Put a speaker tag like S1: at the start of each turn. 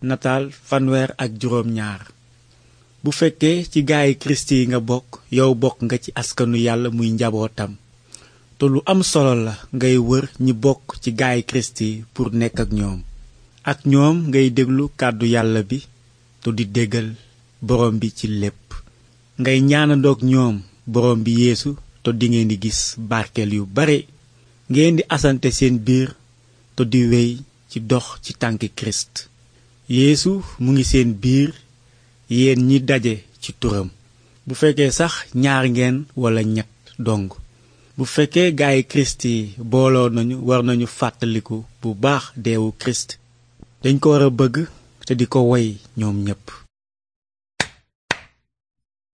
S1: nataal fanweer ak juróom bu fekkee ci gaayi kirist yi nga bokk yow bokk nga ci askanu yàlla muy njabootam te lu am solo la ngay wër ñi bokk ci gaayi kirist yi pour nekk ak ñoom ak ñoom ngay déglu kàddu yàlla bi te di déggal boroom bi ci lépp ngay ñaanandoog ñoom boroom bi yeesu te di ngeen di gis barkeel yu bare ngeen di asante seen biir te di wey ci dox ci tànki kirist yéesu mu ngi seen biir yéen ñi daje ci turam bu fekkee sax ñaar ngeen walla ñett dong bu fekkee gaay kirist yi booloo nañu war nañu fàttaliku bu baax deewu kirist dañ ko war a bëgg te di ko woy ñoom ñépp